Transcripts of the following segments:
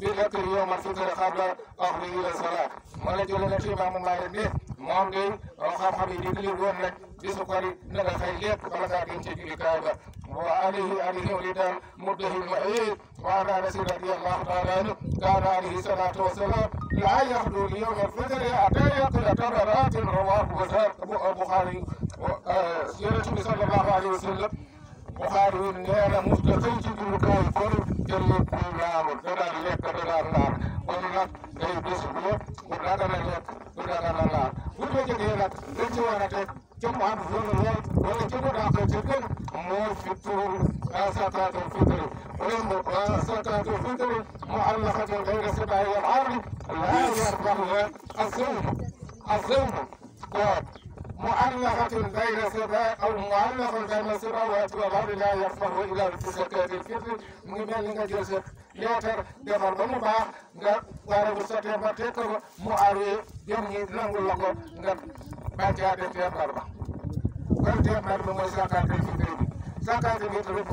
بذكر يوم الفطر قبل قبله الى الصلاه ma la jëloon ci Imaamu Maalik ne moom de xam-xam yi digle woon nag bisu koor yi na nga fay lépp bala ngaa dem ci julli kaay ba wa alayhi alayhi wa lidan muddahi ma'id wa ala rasul radiyallahu ta'ala anhu kana alayhi salatu wa salam la yahdu li yawm al-fitr hatta yaqula tabarat rawahu Bukhari yonent bi sallallahu alayhi wa sallam Bukhari nee na mos na fay ci julli kaay koor jolli kuugaamo ɗoɗan lekka ɗoɗan laam kono nak ɓey bisbulo ko ɗaɗana lek ko ɗaɗana laam wurɓe jogi helat ɓeji warate jomo han zone won walla jogoɗa ko jogen mo fitturu sakatul fitri ولم زكاة الفطر معلقة غير سبع والعرض لا يرضى الصوم الصوم مؤلفة غير سباق أو مؤلفة بين السماوات والأرض لا يفقه إلا في زكاة الفطر من مال جزء leetar defar ba mu baax nga wara bu sotee ba teg mu aaree jëm ñi nangu la ko nga bàccaa de teembar ba kon teembar ba mooy sàkkaate ci kër bi sàkkaate bi tamit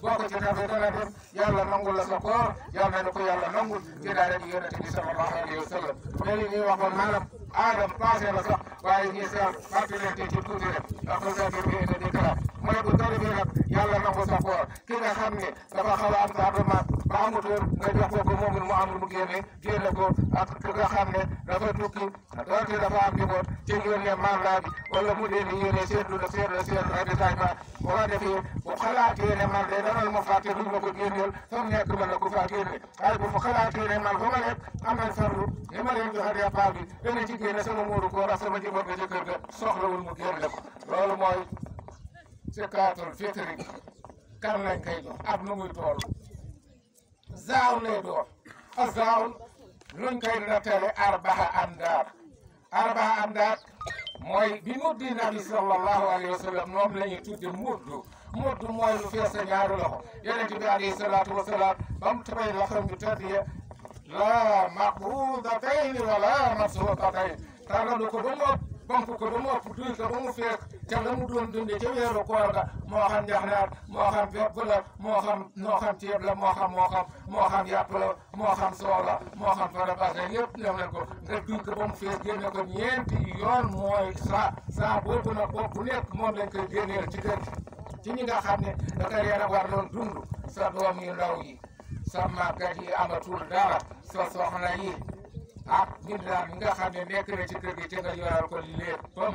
boo ko ci defee dana dem yàlla nangu la sa koor yàlla na ko yàlla nangu ci daara ji yonente bi sallallahu alayhi wa waxoon maanaam aadam passé la sax waaye ñu sax fàttalante ci tuuti rek mooy bu taw bi nga xam yàlla nangu sa koor ki nga xam ne dafa xaw a am tardement ba amutoon nga jox ko ko moomul mu amul mu génne génne ko ak ki nga xam ne dafa tukki doonte dafa am njaboot ci yónnee mandat bi wala mu dee ni yéene seetlu na seetlu na seetlu ravitaillement bu ko defee bu xalaatee ne man de dama ma fàtte duñ ma ko génneel fa mu nekk mën na ko faa génne waaye bu fa xalaatee ne man fa ma nekk am nañ farlu li ma leen joxe départ bi dana ci génne sama muuru koor ak sama njaboot nga ca kër ga soxlawul mu génne ko loolu mooy zakatul fitri kan lañ koy jox ak nu muy toll zaaw lay doon a zaaw luñ koy nattale arbaha amdaad arbaha amdaad mooy bi muddi nabi sallallahu alayhi wa sallam moom la ñuy tudde muddu muddu mooy lu fees sa ñaari loxo yonente bi alayhi salaatu wa salaam ba mu tëbay loxoom bi tëddiya laa maqbuudatayn wala mabsuutatayn tàllanu ko ba mu ëpp banku ko ba mu ëpp duy ko ba mu fees ca la mu doon dunde ca weeru koor ga moo xam njaxnaar moo xam pepp la moo xam moo xam ceeb la moo xam moo xam moo xam yàpp la moo xam soow la nga duy ba mu fees génne ñeenti yoon mooy saa saa boobu nag bopp bu nekk moom génneel ci kër ci nga xam ne dafa leen a war loon dund sa doom yu ndaw yi sa màggat yi amatul dara sa soxna yi ak mbindaan mi nga xam ne nekk na ci kër gi ci nga yoral ko léppam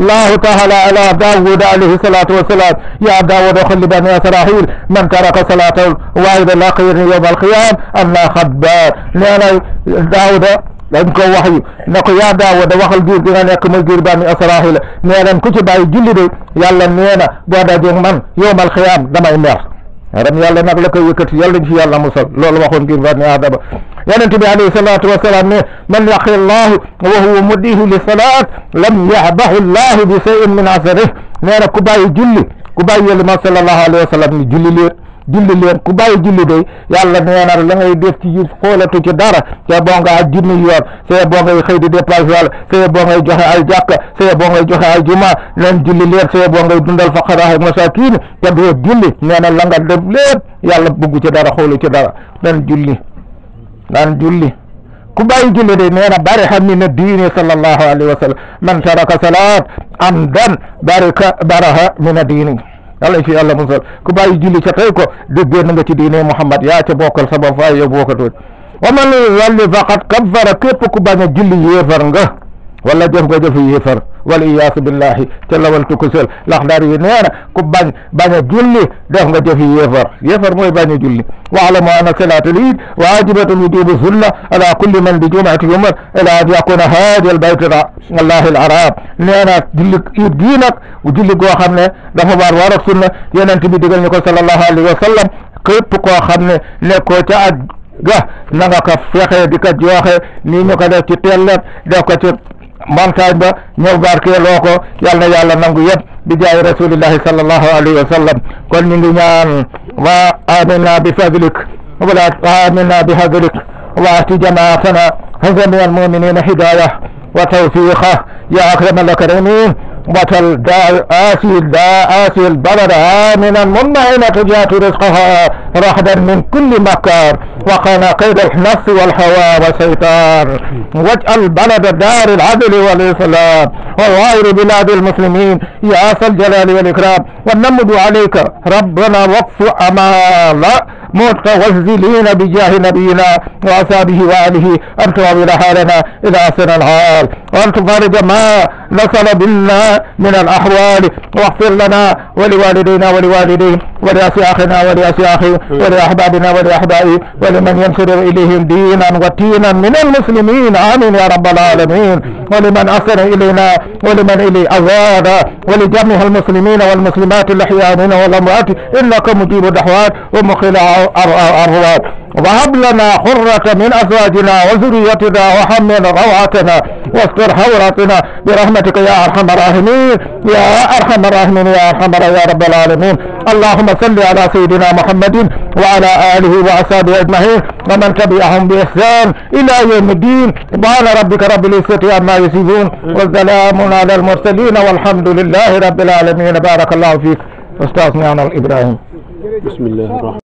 الله تعالى على داود عليه الصلاة والسلام يا داود خل بني إسرائيل من ترك صلاة واحد لقيني يوم القيام أنا خبار لأن نعم، داود لأنك وحي نقول يا داود وخل جير بنا يكم الجير بني إسرائيل نعم، لأن كتب أي جلد يلا نينا نعم، بعد جون من يوم القيام دم النار رمي يلا نقلك يكتب يلا نشي يلا مصر لولو وخل جير بني آدم yonent bi alayhi salaatu wasalaam ne man yaqi llahu wa huwa mudihu li salaat lam yahbahu llahu bi shay'in min asarih nee na ku bàyyi julli ku bàyyi yelima sallallahu alayhi wa sallam ni julli leen julli leen ku bàyyi julli doy yàlla nee na la ngay def ci xoolatu ci dara c'est bon nga aj junni yoon c'est bon ngay xëy di déplacé wàlla c'est bon ngay joxe ay jàkka c'est bon ngay joxe ay juma leen julli leen c'est bon ngay dundal faqara ak masakin te doo julli nee na la nga def lépp yàlla bëgg ci dara xoolu ci dara leen julli naan julli ku bàyyi julli de nee na bariha min addiini sallallahu alayhi wa sallam man taraka salat amdan barika baraha min addiini yàlla fi yàlla musal ku bàyyi julli ca tey ko déggee na nga ci diine Muhammad yaa ca bokkal sa bopp waaye yow bokkatoo wa man zalli faqad kaffara képp ku bañ a julli yéefar nga wala jëf nga jëf yi yéefar wala iyaasu billahi ca lawal tukusel laxdar yi nee na ku bañ bañ a julli def nga jëf yi yéefar yéefar mooy bañ a julli waalamu anna salaatal iid waajibatun wujubu sulla ala kulli man bi jumaati yumar ila an yakuna haadi al bayt allahi al araam nee na julli iid gii nag julli goo xam ne dafa waar waar ak sunna yonent bi digal ñu ko sallallahu alayhi wa sallam képp koo xam ne nekkoo ca aj ga na nga ko fexe di ko jooxe nii ñu ko def ci tellet def ko ci مانتاج با نيو غاركي لوكو يالنا يالنا نانغو يب بجاي رسول الله صلى الله عليه وسلم كل نيو نيان وآمنا بفضلك ولا آمنا بهذلك وآتي جماعتنا هزمي المؤمنين هداية وتوفيقه يا أكرم الأكرمين دا آسل البلد آمنا مطمئنة تجات رزقها رحدا من كل مكار وقنا قيد النفس والهوى والشيطان واجعل بلد دار العدل والإسلام وغير بلاد المسلمين يا ذا الجلال والإكرام ونمد عليك ربنا وقف أمال متغزلين بجاه نبينا وأصحابه وآله أن تعامل حالنا إلى أحسن الحال وأن تفارج ما نصل بنا من الأحوال واغفر لنا ولوالدينا ولوالديه ولأسياخنا ولأسياخي ولأحبابنا ولأحبائي ولمن ينصر إليهم دينا وتينا من المسلمين آمين يا رب العالمين ولمن أصر إلينا ولمن إلي أزاد ولجميع المسلمين والمسلمين لا تلحي أمين ولا مؤتي إلا كمجيب الدحوات ومخيل الرواد وهب لنا حرة من أزواجنا وذريتنا وحمل روعتنا واستر حوراتنا برحمتك يا أرحم الراحمين يا أرحم الراحمين يا أرحم يا رب العالمين اللهم صل على سيدنا محمد وعلى آله وأصحابه أجمعين ومن تبعهم بإحسان إلى يوم الدين سبحان ربك رب العزة عما يصفون والسلام على المرسلين والحمد لله رب العالمين بارك الله فيك أستاذ نعم الإبراهيم بسم الله الرحمن